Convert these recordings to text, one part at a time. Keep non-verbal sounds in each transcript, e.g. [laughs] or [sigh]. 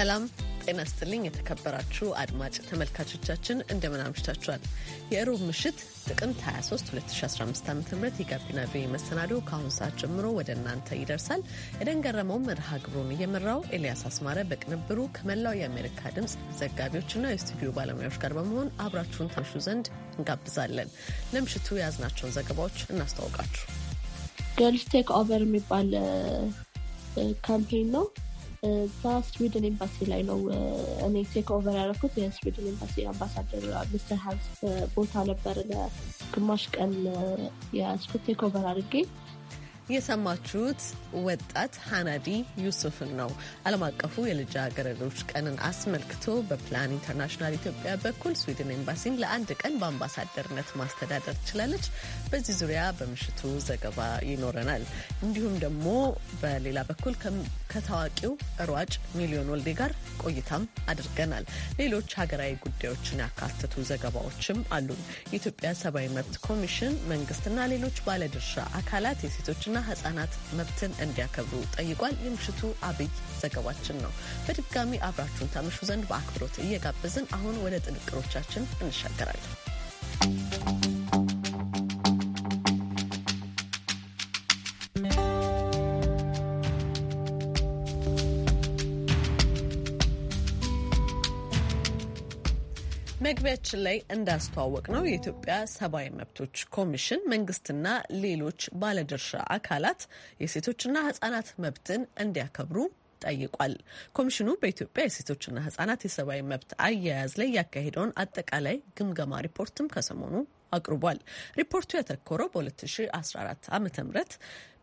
ሰላም ጤና ይስጥልኝ። የተከበራችሁ አድማጭ ተመልካቾቻችን እንደምን አምሽታችኋል? የእሮብ ምሽት ጥቅምት 23 2015 ዓ ም የጋቢና ቪ መሰናዶ ከአሁን ሰዓት ጀምሮ ወደ እናንተ ይደርሳል። የደንገረመው ገረመው መርሃ ግብሩን እየመራው፣ ኤልያስ አስማረ በቅንብሩ ከመላው የአሜሪካ ድምፅ ዘጋቢዎችና የስቱዲዮ ባለሙያዎች ጋር በመሆን አብራችሁን ታምሹ ዘንድ እንጋብዛለን። ለምሽቱ የያዝናቸውን ዘገባዎች እናስተዋውቃችሁ። ገርልስ ቴክ ኦቨር የሚባል ካምፔን ነው እዛ ስዊድን ኤምባሲ ላይ ነው እኔ ቴክ ኦቨር ያደረኩት። የስዊድን ኤምባሲ አምባሳደር ሚስተር ሃንስ ቦታ ነበር ለግማሽ ቀን የስኩት ቴክ ኦቨር አድርጌ የሰማችሁት ወጣት ሀናዲ ዩሱፍን ነው። ዓለም አቀፉ የልጃገረዶች ቀንን አስመልክቶ በፕላን ኢንተርናሽናል ኢትዮጵያ በኩል ስዊድን ኤምባሲን ለአንድ ቀን በአምባሳደርነት ማስተዳደር ትችላለች። በዚህ ዙሪያ በምሽቱ ዘገባ ይኖረናል። እንዲሁም ደግሞ በሌላ በኩል ከታዋቂው ሯጭ ሚሊዮን ወልዴ ጋር ቆይታም አድርገናል። ሌሎች ሀገራዊ ጉዳዮችን ያካተቱ ዘገባዎችም አሉ። የኢትዮጵያ ሰብአዊ መብት ኮሚሽን መንግስትና ሌሎች ባለድርሻ አካላት የሴቶችና ህጻናት መብትን እንዲያከብሩ ጠይቋል። የምሽቱ አብይ ዘገባችን ነው። በድጋሚ አብራችሁን ታመሹ ዘንድ በአክብሮት እየጋበዝን አሁን ወደ ጥንቅሮቻችን እንሻገራለን። መግቢያችን ላይ እንዳስተዋወቅ ነው የኢትዮጵያ ሰብአዊ መብቶች ኮሚሽን መንግስትና ሌሎች ባለድርሻ አካላት የሴቶችና ህጻናት መብትን እንዲያከብሩ ጠይቋል። ኮሚሽኑ በኢትዮጵያ የሴቶችና ህጻናት የሰብአዊ መብት አያያዝ ላይ ያካሄደውን አጠቃላይ ግምገማ ሪፖርትም ከሰሞኑ አቅርቧል። ሪፖርቱ ያተኮረው በ2014 ዓ ም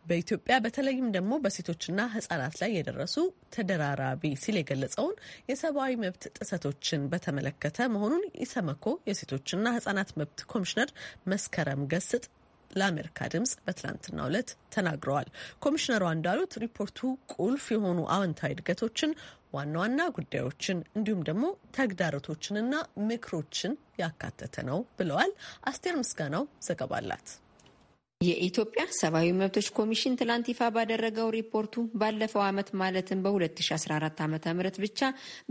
በኢትዮጵያ በተለይም ደግሞ በሴቶችና ህጻናት ላይ የደረሱ ተደራራቢ ሲል የገለጸውን የሰብአዊ መብት ጥሰቶችን በተመለከተ መሆኑን ኢሰመኮ የሴቶችና ህጻናት መብት ኮሚሽነር መስከረም ገስጥ ለአሜሪካ ድምጽ በትላንትናው ዕለት ተናግረዋል። ኮሚሽነሯ እንዳሉት ሪፖርቱ ቁልፍ የሆኑ አዎንታዊ እድገቶችን፣ ዋና ዋና ጉዳዮችን እንዲሁም ደግሞ ተግዳሮቶችንና ምክሮችን ያካተተ ነው ብለዋል። አስቴር ምስጋናው ዘገባ አላት። የኢትዮጵያ ሰብአዊ መብቶች ኮሚሽን ትላንት ይፋ ባደረገው ሪፖርቱ ባለፈው ዓመት ማለትም በ2014 ዓ ም ብቻ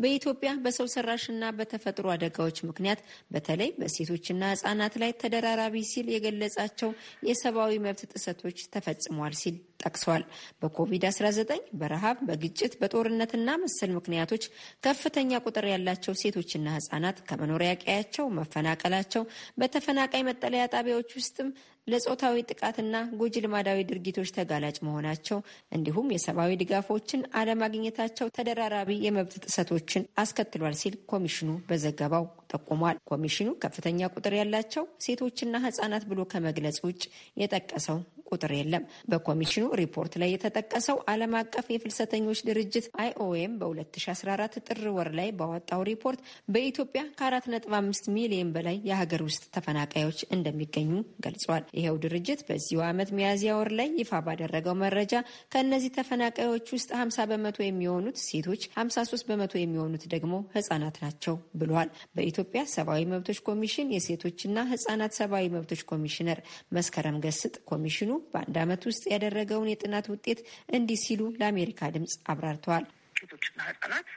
በኢትዮጵያ በሰው ሰራሽና በተፈጥሮ አደጋዎች ምክንያት በተለይ በሴቶችና ህጻናት ላይ ተደራራቢ ሲል የገለጻቸው የሰብአዊ መብት ጥሰቶች ተፈጽሟል ሲል ጠቅሷል። በኮቪድ-19፣ በረሃብ፣ በግጭት፣ በጦርነትና መሰል ምክንያቶች ከፍተኛ ቁጥር ያላቸው ሴቶችና ህጻናት ከመኖሪያ ቀያቸው መፈናቀላቸው፣ በተፈናቃይ መጠለያ ጣቢያዎች ውስጥም ለጾታዊ ጥቃትና ጎጂ ልማዳዊ ድርጊቶች ተጋላጭ መሆናቸው እንዲሁም የሰብአዊ ድጋፎችን አለማግኘታቸው ተደራራቢ የመብት ጥሰቶችን አስከትሏል ሲል ኮሚሽኑ በዘገባው ጠቁሟል። ኮሚሽኑ ከፍተኛ ቁጥር ያላቸው ሴቶችና ሕጻናት ብሎ ከመግለጽ ውጭ የጠቀሰው ቁጥር የለም። በኮሚሽኑ ሪፖርት ላይ የተጠቀሰው ዓለም አቀፍ የፍልሰተኞች ድርጅት አይኦኤም በ2014 ጥር ወር ላይ ባወጣው ሪፖርት በኢትዮጵያ ከ4.5 ሚሊዮን በላይ የሀገር ውስጥ ተፈናቃዮች እንደሚገኙ ገልጿል። ይኸው ድርጅት በዚሁ ዓመት ሚያዝያ ወር ላይ ይፋ ባደረገው መረጃ ከእነዚህ ተፈናቃዮች ውስጥ 50 በመቶ የሚሆኑት ሴቶች፣ 53 በመቶ የሚሆኑት ደግሞ ህጻናት ናቸው ብሏል። በኢትዮጵያ ሰብአዊ መብቶች ኮሚሽን የሴቶችና ህጻናት ሰብአዊ መብቶች ኮሚሽነር መስከረም ገስጥ ኮሚሽኑ በአንድ ዓመት ውስጥ ያደረገውን የጥናት ውጤት እንዲህ ሲሉ ለአሜሪካ ድምፅ አብራርተዋል። ሴቶችና ህጻናት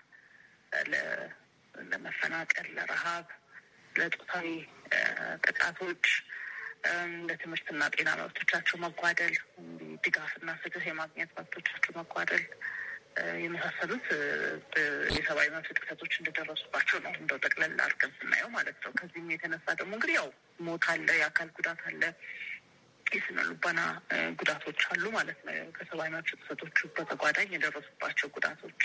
ለመፈናቀል፣ ለረሃብ፣ ለጾታዊ ጥቃቶች፣ ለትምህርትና ጤና መብቶቻቸው መጓደል፣ ድጋፍና ፍትህ የማግኘት መብቶቻቸው መጓደል የመሳሰሉት የሰብአዊ መብት ጥሰቶች እንደደረሱባቸው ነው። እንደው ጠቅለል አድርገን ስናየው ማለት ነው። ከዚህም የተነሳ ደግሞ እንግዲህ ያው ሞት አለ፣ የአካል ጉዳት አለ፣ የስነ ልቦና ጉዳቶች አሉ ማለት ነው። ከሰብአዊ መብት ጥሰቶቹ በተጓዳኝ የደረሱባቸው ጉዳቶች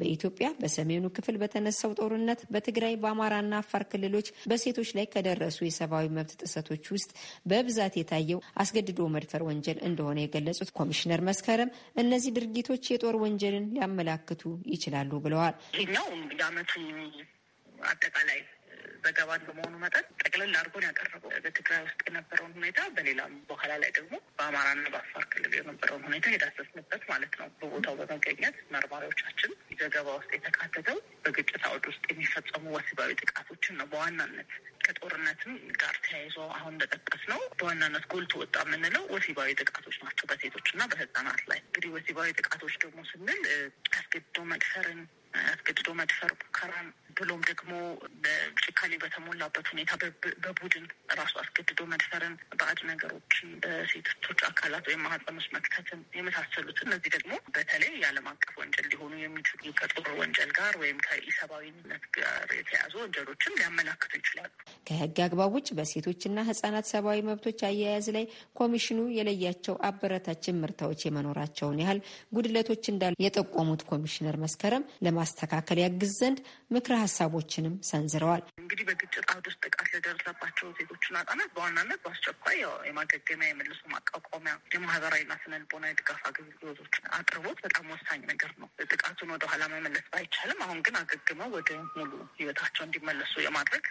በኢትዮጵያ በሰሜኑ ክፍል በተነሳው ጦርነት በትግራይ በአማራና አፋር ክልሎች በሴቶች ላይ ከደረሱ የሰብአዊ መብት ጥሰቶች ውስጥ በብዛት የታየው አስገድዶ መድፈር ወንጀል እንደሆነ የገለጹት ኮሚሽነር መስከረም እነዚህ ድርጊቶች የጦር ወንጀልን ሊያመላክቱ ይችላሉ ብለዋል። ይህኛው የአመቱ አጠቃላይ በገባን በመሆኑ መጠን ጠቅልል አድርጎን ያቀረበው በትግራይ ውስጥ የነበረውን ሁኔታ በሌላም በኋላ ላይ ደግሞ በአማራና በአፋር ክልል የነበረውን ሁኔታ የዳሰስንበት ማለት ነው። በቦታው በመገኘት መርማሪዎቻችን ዘገባ ውስጥ የተካተተው በግጭት አውድ ውስጥ የሚፈጸሙ ወሲባዊ ጥቃቶችን ነው በዋናነት ከጦርነትም ጋር ተያይዞ አሁን እንደጠቀስ ነው በዋናነት ጎልቶ ወጣ የምንለው ወሲባዊ ጥቃቶች ናቸው በሴቶችና በህፃናት ላይ። እንግዲህ ወሲባዊ ጥቃቶች ደግሞ ስንል አስገድዶ መድፈርን አስገድዶ መድፈር ሙከራ ብሎም ደግሞ በጭካኔ በተሞላበት ሁኔታ በቡድን ራሱ አስገድዶ መድፈርን፣ ባዕድ ነገሮችን በሴቶች አካላት ወይም ማህፀን ውስጥ መክተትን የመሳሰሉትን እነዚህ ደግሞ በተለይ የዓለም አቀፍ ወንጀል ሊሆኑ የሚችሉ ከጦር ወንጀል ጋር ወይም ከኢሰብአዊነት ጋር የተያዙ ወንጀሎችን ሊያመላክቱ ይችላሉ። ከህግ አግባብ ውጭ በሴቶችና ህጻናት ሰብአዊ መብቶች አያያዝ ላይ ኮሚሽኑ የለያቸው አበረታችን ምርታዎች የመኖራቸውን ያህል ጉድለቶች እንዳሉ የጠቆሙት ኮሚሽነር መስከረም ለማ ለማስተካከል ያግዝ ዘንድ ምክረ ሀሳቦችንም ሰንዝረዋል። እንግዲህ በግጭት አውድ ውስጥ ጥቃት ለደረሰባቸው ዜጎችና ህጻናት በዋናነት በአስቸኳይ የማገገሚያ የመልሶ ማቋቋሚያ የማህበራዊና ስነልቦና የድጋፍ አገልግሎቶች አቅርቦት በጣም ወሳኝ ነገር ነው። ጥቃቱን ወደኋላ መመለስ ባይቻልም አሁን ግን አገግመው ወደ ሙሉ ህይወታቸው እንዲመለሱ የማድረግ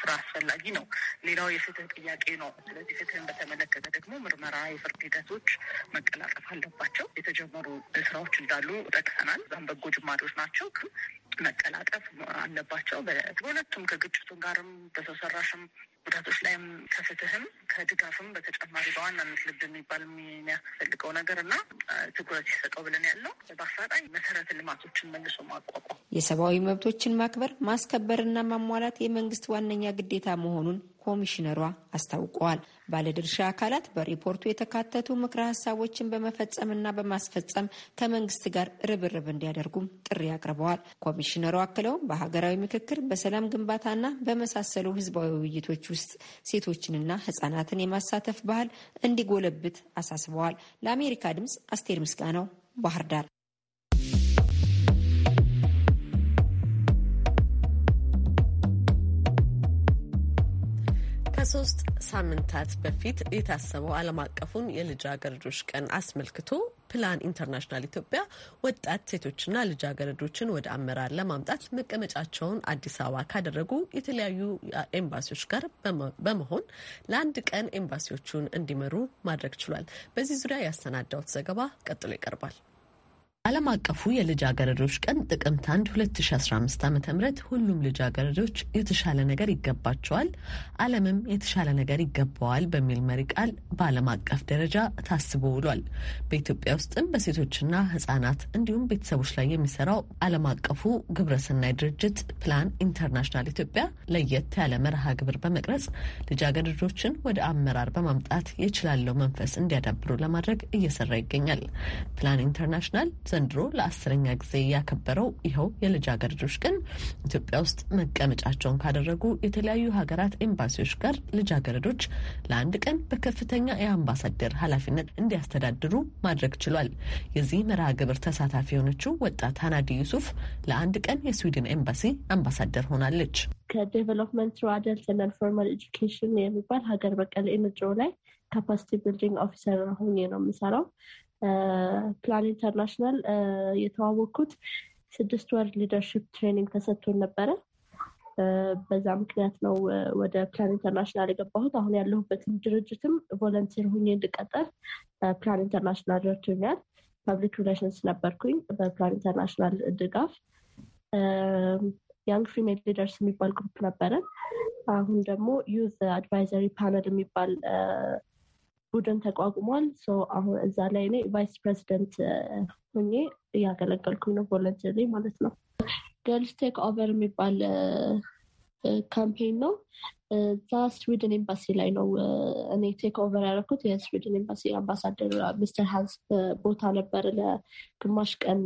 ስራ አስፈላጊ ነው። ሌላው የፍትህ ጥያቄ ነው። ስለዚህ ፍትህን በተመለከተ ደግሞ ምርመራ፣ የፍርድ ሂደቶች መቀላጠፍ አለባቸው። የተጀመሩ ስራዎች እንዳሉ ጠቅሰናል። እዛም በጎ ጅማሬዎች ናቸው ግን መቀላጠፍ አለባቸው። በሁለቱም ከግጭቱ ጋርም በሰው ሰራሽም ጉዳቶች ላይም ከፍትህም ከድጋፍም በተጨማሪ በዋናነት ልብ የሚባል የሚያስፈልገው ነገር እና ትኩረት ይሰጠው ብለን ያለው በአፋጣኝ መሰረተ ልማቶችን መልሶ ማቋቋም፣ የሰብአዊ መብቶችን ማክበር ማስከበርና ማሟላት የመንግስት ዋነኛ ግዴታ መሆኑን ኮሚሽነሯ አስታውቀዋል። ባለድርሻ አካላት በሪፖርቱ የተካተቱ ምክረ ሀሳቦችን በመፈጸምና በማስፈጸም ከመንግስት ጋር ርብርብ እንዲያደርጉም ጥሪ አቅርበዋል። ኮሚሽነሩ አክለውም በሀገራዊ ምክክር፣ በሰላም ግንባታና በመሳሰሉ ህዝባዊ ውይይቶች ውስጥ ሴቶችንና ህጻናትን የማሳተፍ ባህል እንዲጎለብት አሳስበዋል። ለአሜሪካ ድምጽ አስቴር ምስጋናው ባህር ዳር ከሶስት ሳምንታት በፊት የታሰበው ዓለም አቀፉን የልጃገረዶች ቀን አስመልክቶ ፕላን ኢንተርናሽናል ኢትዮጵያ ወጣት ሴቶችና ልጃገረዶችን ወደ አመራር ለማምጣት መቀመጫቸውን አዲስ አበባ ካደረጉ የተለያዩ ኤምባሲዎች ጋር በመሆን ለአንድ ቀን ኤምባሲዎቹን እንዲመሩ ማድረግ ችሏል። በዚህ ዙሪያ ያሰናዳውት ዘገባ ቀጥሎ ይቀርባል። ዓለም አቀፉ የልጃገረዶች ቀን ጥቅምት 1 2015 ዓ ም ሁሉም ልጃገረዶች የተሻለ ነገር ይገባቸዋል፣ ዓለምም የተሻለ ነገር ይገባዋል በሚል መሪ ቃል በዓለም አቀፍ ደረጃ ታስቦ ውሏል። በኢትዮጵያ ውስጥም በሴቶችና ህጻናት እንዲሁም ቤተሰቦች ላይ የሚሰራው ዓለም አቀፉ ግብረሰናይ ድርጅት ፕላን ኢንተርናሽናል ኢትዮጵያ ለየት ያለ መርሃ ግብር በመቅረጽ ልጃገረዶችን ወደ አመራር በማምጣት የችላለው መንፈስ እንዲያዳብሩ ለማድረግ እየሰራ ይገኛል። ፕላን ኢንተርናሽናል ዘንድሮ ለአስረኛ ጊዜ ያከበረው ይኸው የልጃገረዶች ቀን ኢትዮጵያ ውስጥ መቀመጫቸውን ካደረጉ የተለያዩ ሀገራት ኤምባሲዎች ጋር ልጃገረዶች ለአንድ ቀን በከፍተኛ የአምባሳደር ኃላፊነት እንዲያስተዳድሩ ማድረግ ችሏል። የዚህ መርሃ ግብር ተሳታፊ የሆነችው ወጣት ሀናዲ ዩሱፍ ለአንድ ቀን የስዊድን ኤምባሲ አምባሳደር ሆናለች። ከዴቨሎፕመንት ሩ አደልት ፎርማል ኤጁኬሽን የሚባል ሀገር በቀል ኤንጂኦ ላይ ካፓሲቲ ቢልዲንግ ኦፊሰር ሆኜ ነው የምሰራው። ፕላን ኢንተርናሽናል የተዋወቅኩት ስድስት ወር ሊደርሽፕ ትሬኒንግ ተሰጥቶን ነበረ። በዛ ምክንያት ነው ወደ ፕላን ኢንተርናሽናል የገባሁት። አሁን ያለሁበትን ድርጅትም ቮለንቲር ሁኜ እንድቀጠር ፕላን ኢንተርናሽናል ረድቶኛል። ፐብሊክ ሪሌሽንስ ነበርኩኝ በፕላን ኢንተርናሽናል ድጋፍ። ያንግ ፊሜል ሊደርስ የሚባል ግሩፕ ነበረን። አሁን ደግሞ ዩዝ አድቫይዘሪ ፓነል የሚባል ቡድን ተቋቁሟል። አሁን እዛ ላይ እኔ ቫይስ ፕሬዚደንት ሆኜ እያገለገልኩኝ ነው፣ ቮለንተሪ ማለት ነው። ገርልስ ቴክ ኦቨር የሚባል ካምፔን ነው። እዛ ስዊድን ኤምባሲ ላይ ነው እኔ ቴክ ኦቨር ያደረኩት። የስዊድን ኤምባሲ አምባሳደር ሚስተር ሃንስ ቦታ ነበር። ለግማሽ ቀን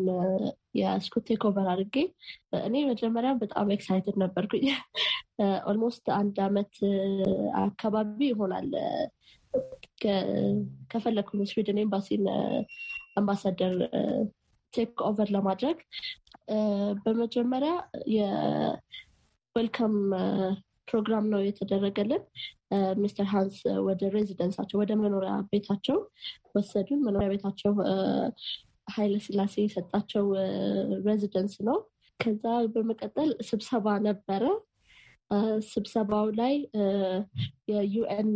የስኩት ቴክ ኦቨር አድርጌ እኔ መጀመሪያ በጣም ኤክሳይትድ ነበርኩኝ። ኦልሞስት አንድ አመት አካባቢ ይሆናል ከፈለግኩ ስዊድን ኤምባሲን አምባሳደር ቴክ ኦቨር ለማድረግ በመጀመሪያ የዌልካም ፕሮግራም ነው የተደረገልን። ሚስተር ሃንስ ወደ ሬዚደንሳቸው ወደ መኖሪያ ቤታቸው ወሰዱን። መኖሪያ ቤታቸው ኃይለ ስላሴ የሰጣቸው ሬዚደንስ ነው። ከዛ በመቀጠል ስብሰባ ነበረ። ስብሰባው ላይ የዩኤን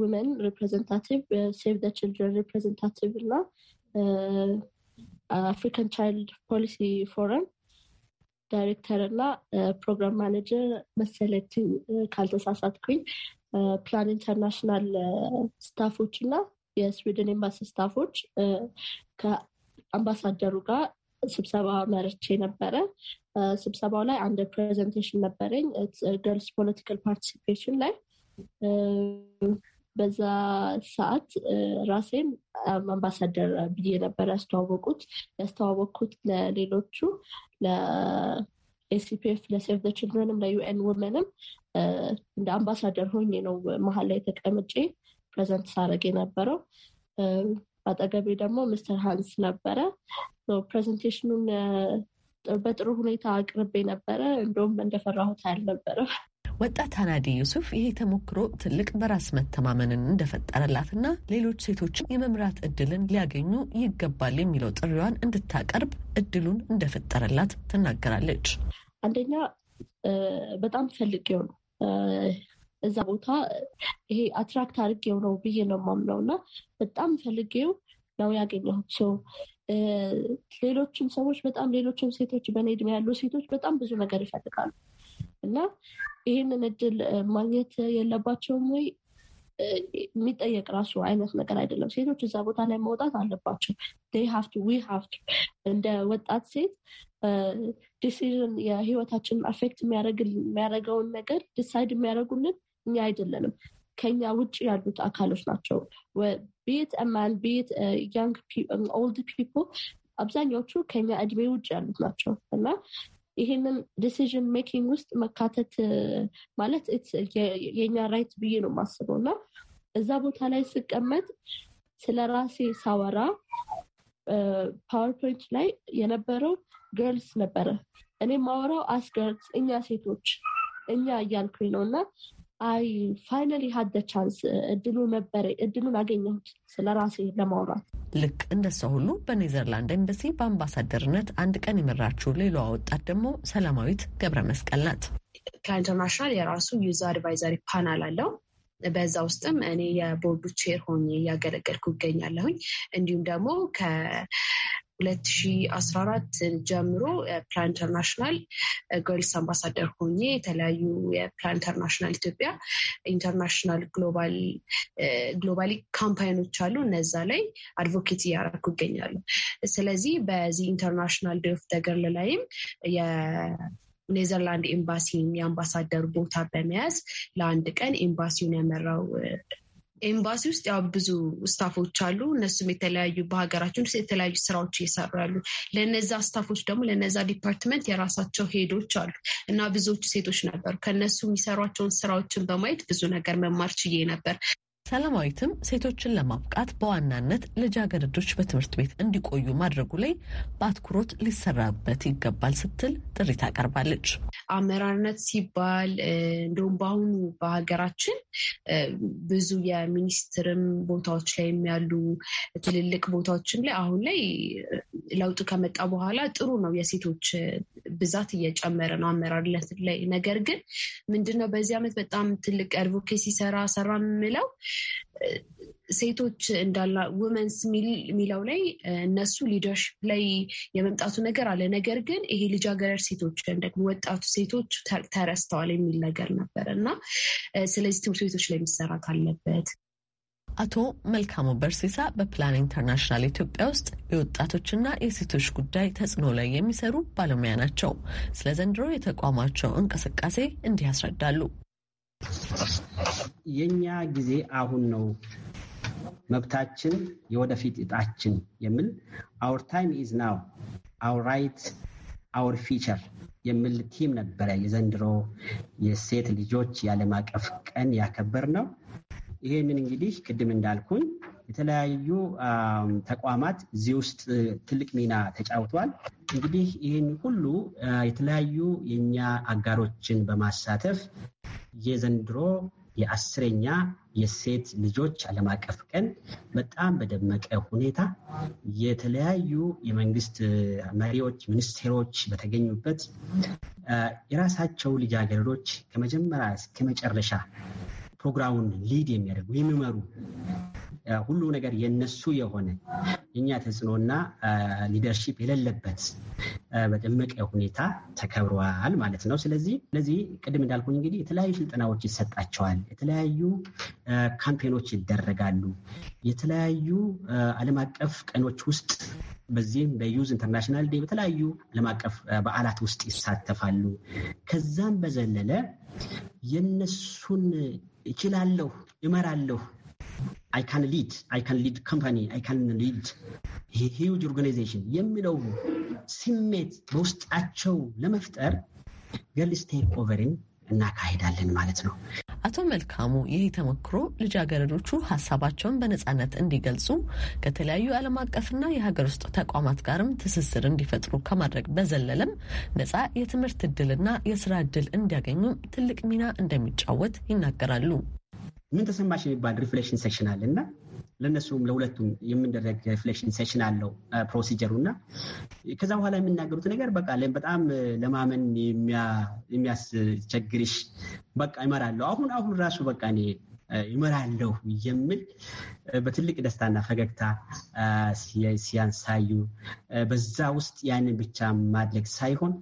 ውመን ሪፕሬዘንታቲቭ ሴቭ ደ ችልድረን ሪፕሬዘንታቲቭ እና አፍሪካን ቻይልድ ፖሊሲ ፎረም ዳይሬክተር እና ፕሮግራም ማኔጀር መሰለቲ ካልተሳሳትኩኝ ፕላን ኢንተርናሽናል ስታፎች እና የስዊድን ኤምባሲ ስታፎች ከአምባሳደሩ ጋር ስብሰባ መርቼ ነበረ። ስብሰባው ላይ አንድ ፕሬዘንቴሽን ነበረኝ ገርልስ ፖለቲካል ፓርቲሲፔሽን ላይ በዛ ሰዓት ራሴም አምባሳደር ብዬ ነበር ያስተዋወቁት ያስተዋወቅኩት ለሌሎቹ ለኤሲፒኤፍ ለሴቭ ዘ ችልድረንም ለዩኤን ወመንም እንደ አምባሳደር ሆኜ ነው መሀል ላይ ተቀምጬ ፕሬዘንት ሳረግ የነበረው። አጠገቤ ደግሞ ምስተር ሀንስ ነበረ። ፕሬዘንቴሽኑን በጥሩ ሁኔታ አቅርቤ ነበረ። እንደውም እንደፈራሁት አልነበረም። ወጣት አናዲ ዩሱፍ ይሄ ተሞክሮ ትልቅ በራስ መተማመንን እንደፈጠረላትና ሌሎች ሴቶችን የመምራት እድልን ሊያገኙ ይገባል የሚለው ጥሪዋን እንድታቀርብ እድሉን እንደፈጠረላት ትናገራለች። አንደኛ በጣም ፈልጌው ነው እዛ ቦታ ይሄ አትራክት አድርጌው ነው ብዬ ነው የማምነው እና በጣም ፈልጌው ነው ሰው ሌሎችም ሰዎች በጣም ሌሎችም ሴቶች በእኔ እድሜ ያሉ ሴቶች በጣም ብዙ ነገር ይፈልጋሉ እና ይህንን እድል ማግኘት የለባቸውም ወይ የሚጠየቅ ራሱ አይነት ነገር አይደለም። ሴቶች እዛ ቦታ ላይ መውጣት አለባቸው። ሀፍቱ ዊ ሀፍቱ እንደ ወጣት ሴት ዲሲዥን የህይወታችንን አፌክት የሚያደርገውን ነገር ዲሳይድ የሚያደርጉልን እኛ አይደለንም። ከኛ ውጭ ያሉት አካሎች ናቸው። ቤት ማን ቤት ኦልድ ፒፕል አብዛኛዎቹ ከኛ እድሜ ውጭ ያሉት ናቸው እና ይሄንን ዲሲዥን ሜኪንግ ውስጥ መካተት ማለት የኛ ራይት ብዬ ነው የማስበው እና እዛ ቦታ ላይ ስቀመጥ ስለ ራሴ ሳወራ ፓወርፖይንት ላይ የነበረው ገርልስ ነበረ። እኔ ማወራው አስገርልስ እኛ ሴቶች እኛ እያልኩኝ ነው እና አይ ፋይናሊ ሀደ ቻንስ እድሉ ነበረ እድሉን አገኘሁት ስለ ራሴ ለማውራት። ልክ እንደሷ ሁሉ በኔዘርላንድ ኤምበሲ በአምባሳደርነት አንድ ቀን የመራችው ሌላዋ ወጣት ደግሞ ሰላማዊት ገብረ መስቀል ናት። ከኢንተርናሽናል የራሱ ዩዘር አድቫይዘሪ ፓናል አለው። በዛ ውስጥም እኔ የቦርዱ ቼር ሆኜ እያገለገልኩ ይገኛለሁኝ። እንዲሁም ደግሞ 2014 ጀምሮ ፕላን ኢንተርናሽናል ገርልስ አምባሳደር ሆኜ የተለያዩ የፕላን ኢንተርናሽናል ኢትዮጵያ ኢንተርናሽናል ግሎባሊ ካምፓይኖች አሉ። እነዛ ላይ አድቮኬት እያደረኩ ይገኛሉ። ስለዚህ በዚህ ኢንተርናሽናል ዴይ ኦፍ ዘ ላይም ኔዘርላንድ ኤምባሲን የአምባሳደር ቦታ በመያዝ ለአንድ ቀን ኤምባሲውን ያመራው ኤምባሲ ውስጥ ያው ብዙ ስታፎች አሉ። እነሱም የተለያዩ በሀገራችን ውስጥ የተለያዩ ስራዎች እየሰሩ ያሉ ለነዛ ስታፎች ደግሞ ለነዛ ዲፓርትመንት የራሳቸው ሄዶች አሉ እና ብዙዎቹ ሴቶች ነበሩ። ከነሱ የሚሰሯቸውን ስራዎችን በማየት ብዙ ነገር መማር ችዬ ነበር። ሰላማዊትም ሴቶችን ለማብቃት በዋናነት ልጃገረዶች በትምህርት ቤት እንዲቆዩ ማድረጉ ላይ በአትኩሮት ሊሰራበት ይገባል ስትል ጥሪ ታቀርባለች። አመራርነት ሲባል እንደውም በአሁኑ በሀገራችን ብዙ የሚኒስትርም ቦታዎች ላይ ያሉ ትልልቅ ቦታዎችም ላይ አሁን ላይ ለውጥ ከመጣ በኋላ ጥሩ ነው፣ የሴቶች ብዛት እየጨመረ ነው አመራርነት ላይ ነገር ግን ምንድነው በዚህ ዓመት በጣም ትልቅ አድቮኬሲ ሰራ ሰራ የምለው ሴቶች እንዳላ ውመንስ የሚለው ላይ እነሱ ሊደርሽፕ ላይ የመምጣቱ ነገር አለ። ነገር ግን ይሄ ልጃገረድ ሴቶች ወይም ደግሞ ወጣቱ ሴቶች ተረስተዋል የሚል ነገር ነበር እና ስለዚህ ትምህርት ቤቶች ላይ መሰራት አለበት። አቶ መልካሙ በርሴሳ በፕላን ኢንተርናሽናል ኢትዮጵያ ውስጥ የወጣቶችና የሴቶች ጉዳይ ተጽዕኖ ላይ የሚሰሩ ባለሙያ ናቸው። ስለ ዘንድሮ የተቋማቸው እንቅስቃሴ እንዲህ ያስረዳሉ። የእኛ ጊዜ አሁን ነው፣ መብታችን የወደፊት እጣችን የሚል አውር ታይም ኢዝ ናው አውር ራይት አውር ፊቸር የሚል ቲም ነበረ የዘንድሮ የሴት ልጆች የዓለም አቀፍ ቀን ያከበር ነው። ይህንን እንግዲህ ቅድም እንዳልኩኝ የተለያዩ ተቋማት እዚህ ውስጥ ትልቅ ሚና ተጫውቷል። እንግዲህ ይህን ሁሉ የተለያዩ የእኛ አጋሮችን በማሳተፍ የዘንድሮ የአስረኛ የሴት ልጆች ዓለም አቀፍ ቀን በጣም በደመቀ ሁኔታ የተለያዩ የመንግስት መሪዎች፣ ሚኒስቴሮች በተገኙበት የራሳቸው ልጃገረዶች ከመጀመሪያ እስከ መጨረሻ ፕሮግራሙን ሊድ የሚያደርጉ የሚመሩ ሁሉ ነገር የነሱ የሆነ የእኛ ተጽዕኖና ሊደርሺፕ የሌለበት በደመቀ ሁኔታ ተከብረዋል ማለት ነው። ስለዚህ ስለዚህ ቅድም እንዳልኩኝ እንግዲህ የተለያዩ ስልጠናዎች ይሰጣቸዋል፣ የተለያዩ ካምፔኖች ይደረጋሉ፣ የተለያዩ ዓለም አቀፍ ቀኖች ውስጥ በዚህም በዩዝ ኢንተርናሽናል ዴ በተለያዩ ዓለም አቀፍ በዓላት ውስጥ ይሳተፋሉ። ከዛም በዘለለ የነሱን እችላለሁ፣ እመራለሁ አይ ካን ሊድ አይ ካን ሊድ ካምፓኒ አይ ካን ሊድ ሂውጅ ኦርጋናይዜሽን የሚለው ስሜት በውስጣቸው ለመፍጠር ገርል ስቴክ ኦቨርን እናካሄዳለን ማለት ነው። አቶ መልካሙ ይህ ተሞክሮ ልጃገረዶቹ ሀሳባቸውን በነጻነት እንዲገልጹ ከተለያዩ ዓለም አቀፍና የሀገር ውስጥ ተቋማት ጋርም ትስስር እንዲፈጥሩ ከማድረግ በዘለለም ነጻ የትምህርት እድልና የስራ እድል እንዲያገኙ ትልቅ ሚና እንደሚጫወት ይናገራሉ። ምን ተሰማሽ የሚባል ሪፍሌክሽን ሴሽን አለ እና ለእነሱም ለሁለቱም የምንደረግ ሪፍሌክሽን ሴሽን አለው ፕሮሲጀሩ እና ከዛ በኋላ የምናገሩት ነገር በቃ በጣም ለማመን የሚያስቸግርሽ በቃ ይመራለሁ አሁን አሁን ራሱ በቃ እኔ ይመራለሁ የሚል በትልቅ ደስታና ፈገግታ ሲያንሳዩ በዛ ውስጥ ያንን ብቻ ማድረግ ሳይሆን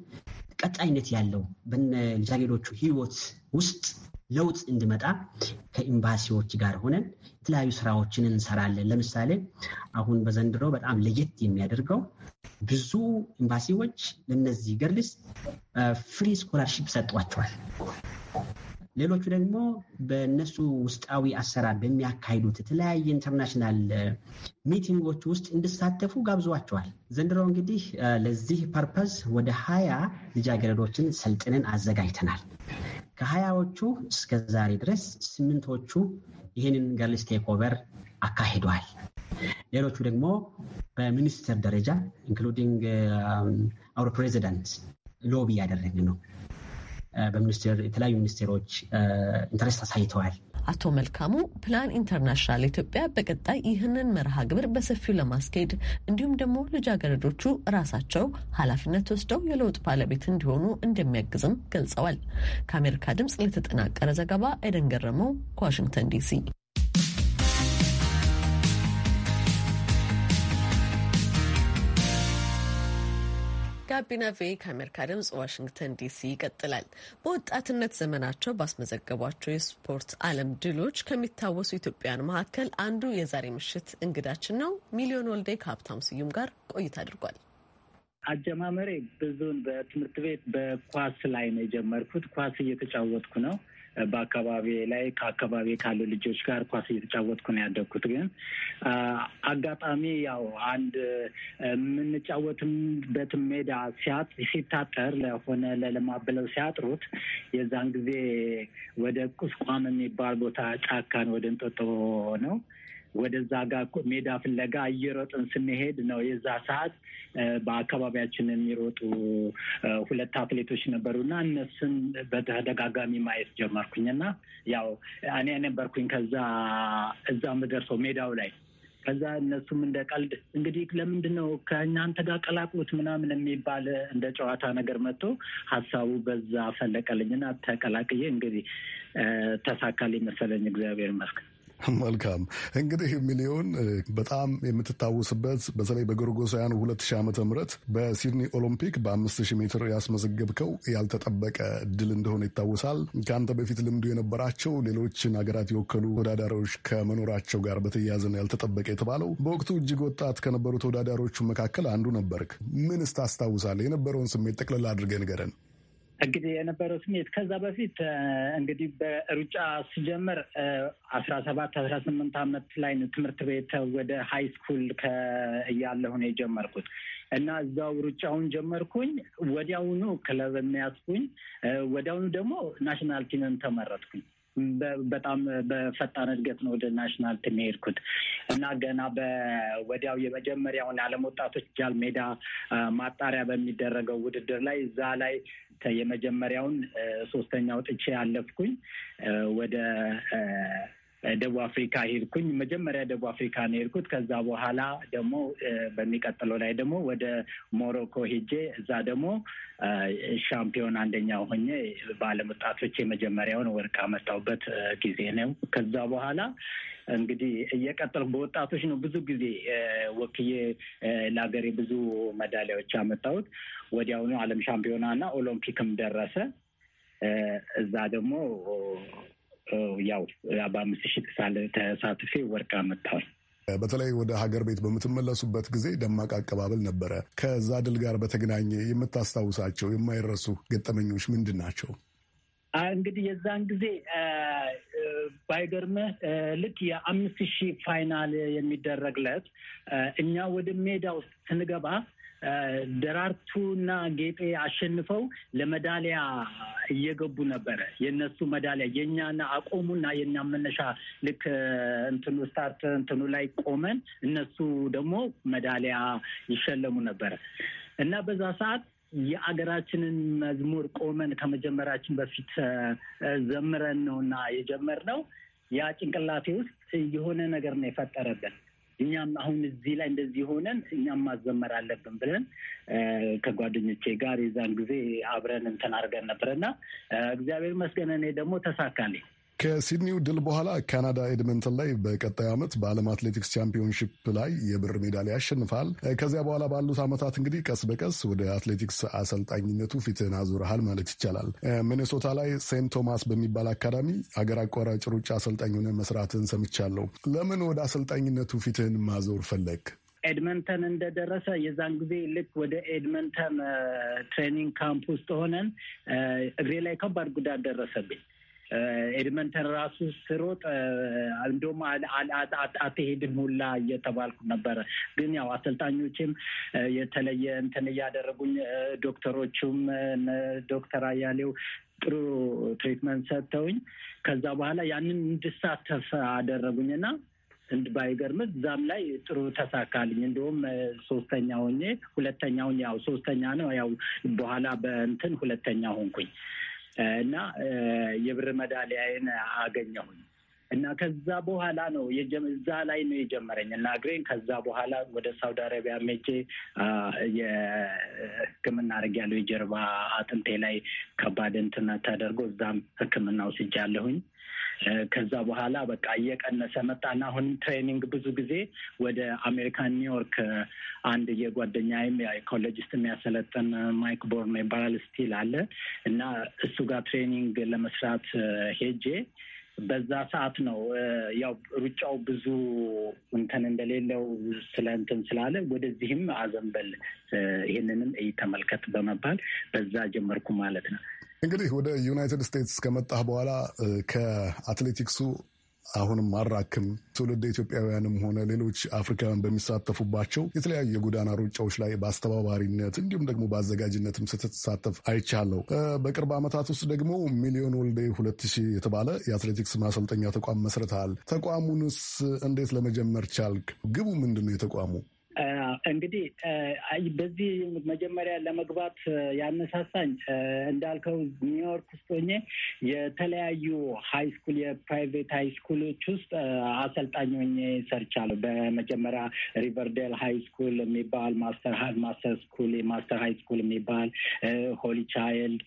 ቀጣይነት ያለው በነ ልጃጌዶቹ ህይወት ውስጥ ለውጥ እንዲመጣ ከኤምባሲዎች ጋር ሆነን የተለያዩ ስራዎችን እንሰራለን። ለምሳሌ አሁን በዘንድሮ በጣም ለየት የሚያደርገው ብዙ ኤምባሲዎች ለነዚህ ገርልስ ፍሪ ስኮላርሺፕ ሰጧቸዋል። ሌሎቹ ደግሞ በእነሱ ውስጣዊ አሰራር በሚያካሂዱት የተለያየ ኢንተርናሽናል ሚቲንጎች ውስጥ እንዲሳተፉ ጋብዟቸዋል። ዘንድሮ እንግዲህ ለዚህ ፐርፐዝ ወደ ሀያ ልጃገረዶችን ሰልጥነን አዘጋጅተናል። ከሀያዎቹ እስከ ዛሬ ድረስ ስምንቶቹ ይህንን ገርልስ ቴክኦቨር አካሂደዋል። ሌሎቹ ደግሞ በሚኒስትር ደረጃ ኢንክሉዲንግ አውር ፕሬዚደንት ሎቢ ያደረግን ነው። በሚኒስቴር የተለያዩ ሚኒስቴሮች ኢንተረስት አሳይተዋል። አቶ መልካሙ ፕላን ኢንተርናሽናል ኢትዮጵያ በቀጣይ ይህንን መርሃ ግብር በሰፊው ለማስኬድ እንዲሁም ደግሞ ልጃገረዶቹ ራሳቸው ኃላፊነት ወስደው የለውጥ ባለቤት እንዲሆኑ እንደሚያግዝም ገልጸዋል። ከአሜሪካ ድምፅ ለተጠናቀረ ዘገባ ኤደን ገረመው ከዋሽንግተን ዲሲ ጋቢና ቬ ከአሜሪካ ድምጽ ዋሽንግተን ዲሲ ይቀጥላል። በወጣትነት ዘመናቸው ባስመዘገቧቸው የስፖርት ዓለም ድሎች ከሚታወሱ ኢትዮጵያውያን መካከል አንዱ የዛሬ ምሽት እንግዳችን ነው። ሚሊዮን ወልዴ ከሀብታሙ ስዩም ጋር ቆይታ አድርጓል። አጀማመሬ ብዙን በትምህርት ቤት በኳስ ላይ ነው የጀመርኩት። ኳስ እየተጫወትኩ ነው በአካባቢ ላይ ከአካባቢ ካሉ ልጆች ጋር ኳስ እየተጫወትኩ ነው ያደግኩት። ግን አጋጣሚ ያው አንድ የምንጫወትበት ሜዳ ሲታጠር ለሆነ ለልማት ብለው ሲያጥሩት የዛን ጊዜ ወደ ቁስቋም የሚባል ቦታ ጫካን ወደ እንጦጦ ነው ወደዛ ጋር ሜዳ ፍለጋ እየሮጥን ስንሄድ ነው። የዛ ሰዓት በአካባቢያችን የሚሮጡ ሁለት አትሌቶች ና እነሱን በተደጋጋሚ ማየት ጀመርኩኝ እና ያው እኔ ነበርኩኝ ከዛ እዛ የምደርሰው ሜዳው ላይ ከዛ እነሱም እንደ ቀልድ እንግዲህ ለምንድን ነው ከእናንተ ጋር ቀላቅሉት ምናምን የሚባል እንደ ጨዋታ ነገር መጥቶ ሀሳቡ በዛ ፈለቀልኝና ተቀላቅዬ እንግዲህ ተሳካልኝ መሰለኝ። እግዚአብሔር ይመስገን። [laughs] መልካም እንግዲህ ሚሊዮን በጣም የምትታወስበት በተለይ በጎርጎሳውያኑ 2000 ዓ ም በሲድኒ ኦሎምፒክ በ5000 ሜትር ያስመዘገብከው ያልተጠበቀ ድል እንደሆነ ይታወሳል። ከአንተ በፊት ልምዱ የነበራቸው ሌሎችን ሀገራት የወከሉ ተወዳዳሪዎች ከመኖራቸው ጋር በተያያዘ ነው ያልተጠበቀ የተባለው። በወቅቱ እጅግ ወጣት ከነበሩ ተወዳዳሪዎቹ መካከል አንዱ ነበርክ። ምንስ ታስታውሳለህ? የነበረውን ስሜት ጠቅልላ አድርገህ ንገረን። እንግዲህ የነበረው ስሜት ከዛ በፊት እንግዲህ በሩጫ ሲጀምር አስራ ሰባት አስራ ስምንት አመት ላይ ትምህርት ቤት ወደ ሀይ ስኩል እያለሁ ነው የጀመርኩት እና እዛው ሩጫውን ጀመርኩኝ። ወዲያውኑ ክለብ የሚያስኩኝ፣ ወዲያውኑ ደግሞ ናሽናል ቲምን ተመረጥኩኝ። በጣም በፈጣን እድገት ነው ወደ ናሽናል ቲም የሄድኩት እና ገና በወዲያው የመጀመሪያውን ዓለም ወጣቶች ጃል ሜዳ ማጣሪያ በሚደረገው ውድድር ላይ እዛ ላይ የመጀመሪያውን ሶስተኛው ጥቼ ያለፍኩኝ ወደ ደቡብ አፍሪካ ሄድኩኝ። መጀመሪያ ደቡብ አፍሪካ ነው ሄድኩት። ከዛ በኋላ ደግሞ በሚቀጥለው ላይ ደግሞ ወደ ሞሮኮ ሄጄ እዛ ደግሞ ሻምፒዮን አንደኛ ሆኜ በዓለም ወጣቶች የመጀመሪያውን ወርቅ አመጣሁበት ጊዜ ነው። ከዛ በኋላ እንግዲህ እየቀጠልኩ በወጣቶች ነው ብዙ ጊዜ ወክዬ ለሀገሬ ብዙ መዳሊያዎች አመጣሁት። ወዲያውኑ ዓለም ሻምፒዮና ኦሎምፒክም ደረሰ። እዛ ደግሞ ያው በአምስት ሺ ተሳትፌ ወርቅ አመጣል። በተለይ ወደ ሀገር ቤት በምትመለሱበት ጊዜ ደማቅ አቀባበል ነበረ። ከዛ ድል ጋር በተገናኘ የምታስታውሳቸው የማይረሱ ገጠመኞች ምንድን ናቸው? እንግዲህ የዛን ጊዜ ባይገርምህ ልክ የአምስት ሺህ ፋይናል የሚደረግለት እኛ ወደ ሜዳ ውስጥ ስንገባ ደራርቱና ጌጤ አሸንፈው ለመዳሊያ እየገቡ ነበረ። የእነሱ መዳሊያ የእኛና አቆሙና የእኛ መነሻ ልክ እንትኑ ስታርት እንትኑ ላይ ቆመን እነሱ ደግሞ መዳሊያ ይሸለሙ ነበረ እና በዛ ሰዓት የአገራችንን መዝሙር ቆመን ከመጀመራችን በፊት ዘምረን ነውና የጀመርነው ያ ጭንቅላቴ ውስጥ የሆነ ነገር ነው የፈጠረብን። እኛም አሁን እዚህ ላይ እንደዚህ ሆነን እኛም ማዘመር አለብን ብለን ከጓደኞቼ ጋር የዛን ጊዜ አብረን እንትን አድርገን ነበርና እግዚአብሔር ይመስገን እኔ ደግሞ ተሳካልኝ። ከሲድኒው ድል በኋላ ካናዳ ኤድመንተን ላይ በቀጣዩ ዓመት በዓለም አትሌቲክስ ቻምፒዮንሺፕ ላይ የብር ሜዳሊያ ያሸንፋል። ከዚያ በኋላ ባሉት ዓመታት እንግዲህ ቀስ በቀስ ወደ አትሌቲክስ አሰልጣኝነቱ ፊትህን አዙረሃል ማለት ይቻላል። ሚኔሶታ ላይ ሴንት ቶማስ በሚባል አካዳሚ አገር አቋራጭ ሩጫ አሰልጣኝ ሆነ መስራትን ሰምቻለሁ። ለምን ወደ አሰልጣኝነቱ ፊትህን ማዞር ፈለግ? ኤድመንተን እንደደረሰ የዛን ጊዜ ልክ ወደ ኤድመንተን ትሬኒንግ ካምፕ ውስጥ ሆነን እግሬ ላይ ከባድ ጉዳት ደረሰብኝ። ኤድመንተን ራሱ ስሮጥ እንዲሁም አትሄድም ሁላ እየተባልኩ ነበረ። ግን ያው አሰልጣኞችም የተለየ እንትን እያደረጉኝ ዶክተሮቹም ዶክተር አያሌው ጥሩ ትሪትመንት ሰጥተውኝ ከዛ በኋላ ያንን እንድሳተፍ አደረጉኝና እንድ ባይገርም እዛም ላይ ጥሩ ተሳካልኝ። እንዲሁም ሶስተኛ ሆኜ ሁለተኛውን ያው ሶስተኛ ነው ያው በኋላ በእንትን ሁለተኛ ሆንኩኝ። እና የብር መዳሊያዬን አገኘሁኝ እና ከዛ በኋላ ነው እዛ ላይ ነው የጀመረኝ እና እግሬን ከዛ በኋላ ወደ ሳውዲ አረቢያ ሜቼ የሕክምና አድርጌያለሁ። የጀርባ አጥንቴ ላይ ከባድ እንትና ተደርጎ እዛም ሕክምና ወስጃለሁኝ። ከዛ በኋላ በቃ እየቀነሰ መጣና አሁንም ትሬኒንግ ብዙ ጊዜ ወደ አሜሪካን ኒውዮርክ አንድ የጓደኛዬም የኢኮሎጂስት የሚያሰለጥን ማይክ ቦርን ይባላል ስቲል አለ እና እሱ ጋር ትሬኒንግ ለመስራት ሄጄ በዛ ሰዓት ነው ያው ሩጫው ብዙ እንትን እንደሌለው ስለ እንትን ስላለ ወደዚህም አዘንበል ይህንንም እይ ተመልከት በመባል በዛ ጀመርኩ ማለት ነው። እንግዲህ ወደ ዩናይትድ ስቴትስ ከመጣህ በኋላ ከአትሌቲክሱ አሁንም አራክም ትውልድ ኢትዮጵያውያንም ሆነ ሌሎች አፍሪካውያን በሚሳተፉባቸው የተለያዩ የጎዳና ሩጫዎች ላይ በአስተባባሪነት እንዲሁም ደግሞ በአዘጋጅነትም ስትሳተፍ አይቻለሁ። በቅርብ ዓመታት ውስጥ ደግሞ ሚሊዮን ወልዴ ሁለት ሺህ የተባለ የአትሌቲክስ ማሰልጠኛ ተቋም መስርተሃል። ተቋሙንስ እንዴት ለመጀመር ቻልክ? ግቡ ምንድን ነው የተቋሙ? እንግዲህ በዚህ መጀመሪያ ለመግባት ያነሳሳኝ እንዳልከው ኒውዮርክ ውስጥ ሆኜ የተለያዩ ሀይ ስኩል የፕራይቬት ሀይ ስኩሎች ውስጥ አሰልጣኝ ሆኜ ሰርቻለሁ። በመጀመሪያ ሪቨርዴል ሀይ ስኩል የሚባል ማስተር ማስተር ስኩል ማስተር ሀይ ስኩል የሚባል ሆሊ ቻይልድ፣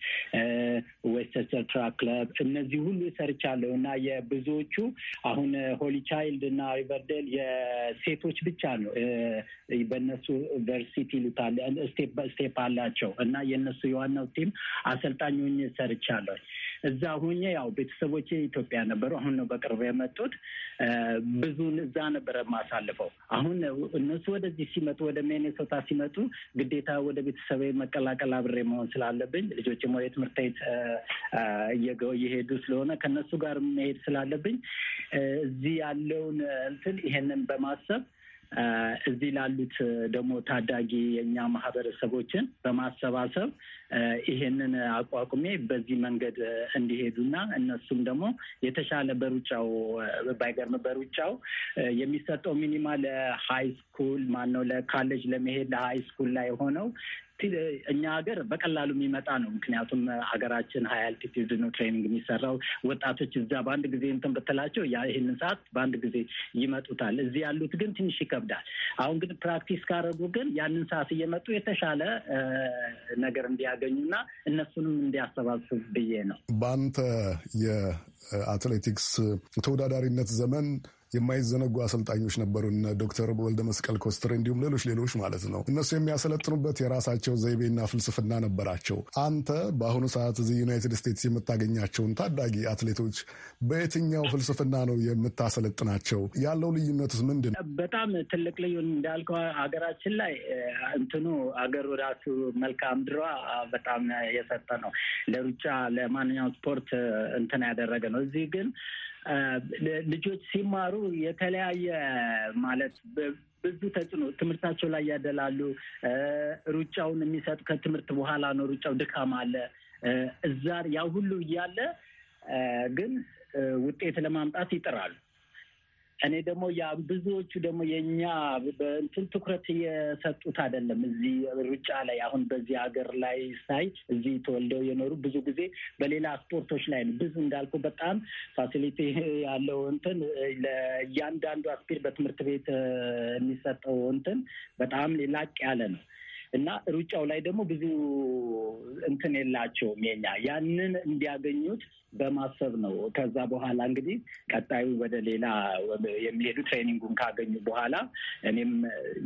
ዌስተስተር ትራክ ክለብ እነዚህ ሁሉ ሰርቻለሁ እና የብዙዎቹ አሁን ሆሊ ቻይልድ እና ሪቨርዴል የሴቶች ብቻ ነው በእነሱ ቨርሲቲ ይሉታል ስቴፕ በስቴፕ አላቸው እና የእነሱ የዋናው ቲም አሰልጣኝ ሆኜ ሰርቻለሁ። እዛ ሁኜ ያው ቤተሰቦቼ ኢትዮጵያ ነበሩ። አሁን ነው በቅርብ የመጡት። ብዙን እዛ ነበረ ማሳልፈው። አሁን እነሱ ወደዚህ ሲመጡ፣ ወደ ሚኔሶታ ሲመጡ ግዴታ ወደ ቤተሰብ መቀላቀል አብሬ መሆን ስላለብኝ ልጆች ወደ ትምህርት ቤት እየሄዱ ስለሆነ ከእነሱ ጋር መሄድ ስላለብኝ እዚህ ያለውን እንትን ይሄንን በማሰብ እዚህ ላሉት ደግሞ ታዳጊ የእኛ ማህበረሰቦችን በማሰባሰብ ይሄንን አቋቁሜ በዚህ መንገድ እንዲሄዱና እነሱም ደግሞ የተሻለ በሩጫው ባይገርም በሩጫው የሚሰጠው ሚኒማ ለሀይ ስኩል ማነው ለካሌጅ ለመሄድ ለሃይ ስኩል ላይ ሆነው እኛ ሀገር በቀላሉ የሚመጣ ነው። ምክንያቱም ሀገራችን ሀይ አልቲቲድ ነው ትሬኒንግ የሚሰራው። ወጣቶች እዛ በአንድ ጊዜ እንትን ብትላቸው ይህንን ሰዓት በአንድ ጊዜ ይመጡታል። እዚህ ያሉት ግን ትንሽ ይከብዳል። አሁን ግን ፕራክቲስ ካረጉ ግን ያንን ሰዓት እየመጡ የተሻለ ነገር እንዲያገኙና እነሱንም እንዲያሰባስብ ብዬ ነው። በአንተ የአትሌቲክስ ተወዳዳሪነት ዘመን የማይዘነጉ አሰልጣኞች ነበሩ። እነ ዶክተር ወልደ መስቀል ኮስትር እንዲሁም ሌሎች ሌሎች ማለት ነው። እነሱ የሚያሰለጥኑበት የራሳቸው ዘይቤና ፍልስፍና ነበራቸው። አንተ በአሁኑ ሰዓት እዚህ ዩናይትድ ስቴትስ የምታገኛቸውን ታዳጊ አትሌቶች በየትኛው ፍልስፍና ነው የምታሰለጥናቸው? ያለው ልዩነትስ ምንድን ነው? በጣም ትልቅ ልዩ እንዳልከው ሀገራችን ላይ እንትኑ አገሩ ራሱ መልካም ምድሯ በጣም የሰጠ ነው። ለሩጫ ለማንኛውም ስፖርት እንትን ያደረገ ነው። እዚህ ግን ልጆች ሲማሩ የተለያየ ማለት ብዙ ተጽዕኖ ትምህርታቸው ላይ ያደላሉ። ሩጫውን የሚሰጥ ከትምህርት በኋላ ነው። ሩጫው ድካም አለ። እዛ ያ ሁሉ እያለ ግን ውጤት ለማምጣት ይጥራሉ። እኔ ደግሞ ያ ብዙዎቹ ደግሞ የእኛ በእንትን ትኩረት እየሰጡት አይደለም። እዚህ ሩጫ ላይ አሁን በዚህ ሀገር ላይ ሳይ እዚህ ተወልደው የኖሩ ብዙ ጊዜ በሌላ ስፖርቶች ላይ ነው ብዙ እንዳልኩ በጣም ፋሲሊቲ ያለው እንትን ለእያንዳንዱ አስፒር በትምህርት ቤት የሚሰጠው እንትን በጣም ላቅ ያለ ነው እና ሩጫው ላይ ደግሞ ብዙ እንትን የላቸውም የኛ ያንን እንዲያገኙት በማሰብ ነው። ከዛ በኋላ እንግዲህ ቀጣዩ ወደ ሌላ የሚሄዱ ትሬኒንጉን ካገኙ በኋላ እኔም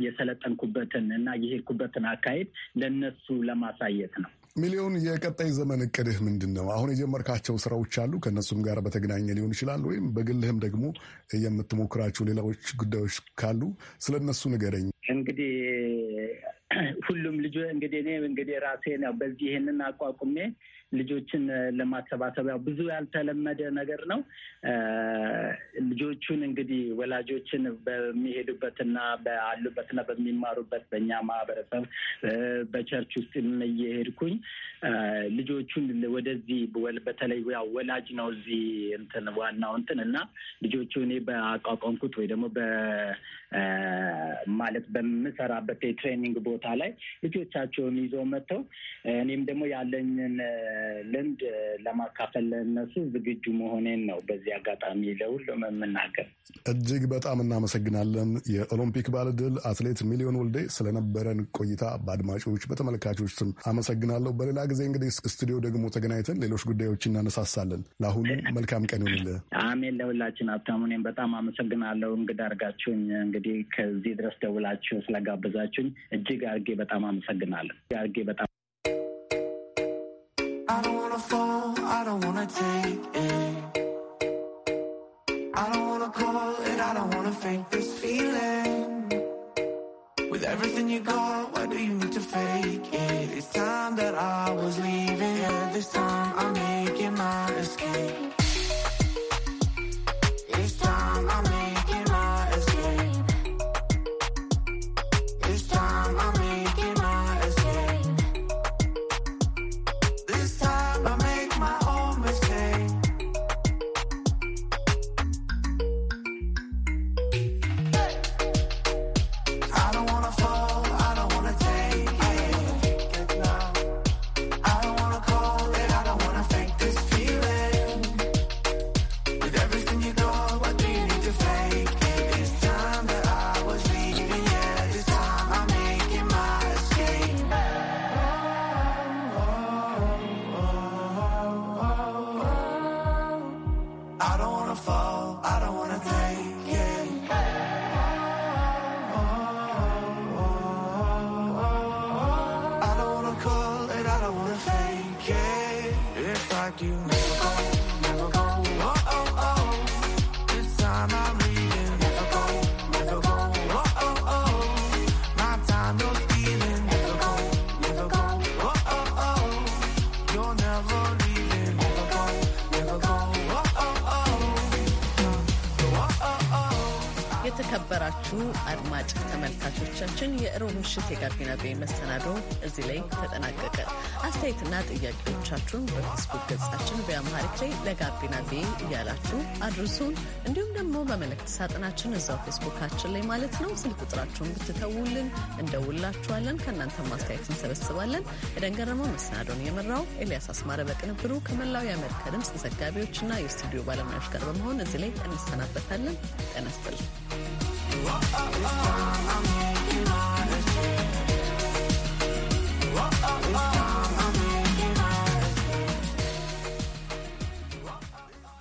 የሰለጠንኩበትን እና የሄድኩበትን አካሄድ ለነሱ ለማሳየት ነው። ሚሊዮን፣ የቀጣይ ዘመን እቅድህ ምንድን ነው? አሁን የጀመርካቸው ስራዎች አሉ። ከእነሱም ጋር በተገናኘ ሊሆን ይችላል፣ ወይም በግልህም ደግሞ የምትሞክራቸው ሌላዎች ጉዳዮች ካሉ ስለ እነሱ ንገረኝ። እንግዲህ ሁሉም ልጆ እንግዲህ እኔ እንግዲህ ራሴ ነው በዚህ ይህንን አቋቁሜ ልጆችን ያው ብዙ ያልተለመደ ነገር ነው። ልጆቹን እንግዲህ ወላጆችን በሚሄዱበትና በአሉበትና በሚማሩበት በእኛ ማህበረሰብ በቸርች ውስጥ እየሄድኩኝ ልጆቹን ወደዚህ በተለይ ያው ወላጅ ነው እዚህ እንትን ዋናው እንትን እና ልጆቹ እኔ በአቋቋምኩት ወይ ደግሞ ማለት በምሰራበት የትሬኒንግ ቦታ ላይ ልጆቻቸውን ይዘው መጥተው እኔም ደግሞ ያለኝን ልምድ ለማካፈል ለእነሱ ዝግጁ መሆኔን ነው በዚህ አጋጣሚ ለሁሉም የምናገር። እጅግ በጣም እናመሰግናለን። የኦሎምፒክ ባለድል አትሌት ሚሊዮን ወልዴ ስለነበረን ቆይታ በአድማጮች በተመልካቾች ስም አመሰግናለሁ። በሌላ ጊዜ እንግዲህ ስቱዲዮ ደግሞ ተገናኝተን ሌሎች ጉዳዮች እናነሳሳለን። ለአሁኑ መልካም ቀን ይሆንልህ። አሜን። ለሁላችን አብታሙኔም በጣም አመሰግናለሁ። እንግዳ አርጋችሁኝ እንግዲህ ከዚህ ድረስ ደውላችሁ ስለጋበዛችሁኝ እጅግ አርጌ በጣም አመሰግናለሁ። አርጌ በጣም I don't wanna fall, I don't wanna take it. I don't wanna call it, I don't wanna fake this feeling. With everything you got, why do you need to fake it? It's time that I was leaving, yeah, this time I'm making my escape. የተከበራችሁ አድማጭ ተመልካቾቻችን የእሮብ ምሽት የጋቢና ቤ መሰናዶ እዚህ ላይ ተጠናቀቀ። አስተያየትና ጥያቄዎቻችሁን በፌስቡክ ገጻችን በአማሪክ ላይ ለጋቢና ቤ እያላችሁ አድርሱን። እንዲሁም ደግሞ በመልእክት ሳጥናችን እዛው ፌስቡካችን ላይ ማለት ነው ስልክ ቁጥራችሁን ብትተውልን እንደውላችኋለን። ከእናንተ ማስተያየት እንሰበስባለን። የደንገረመው መሰናዶን የመራው ኤልያስ አስማረ በቅንብሩ ከመላው የአሜሪካ ድምፅ ዘጋቢዎችና የስቱዲዮ ባለሙያዎች ጋር በመሆን እዚህ ላይ እንሰናበታለን። ጤና ይስጥልኝ። oh, oh, oh.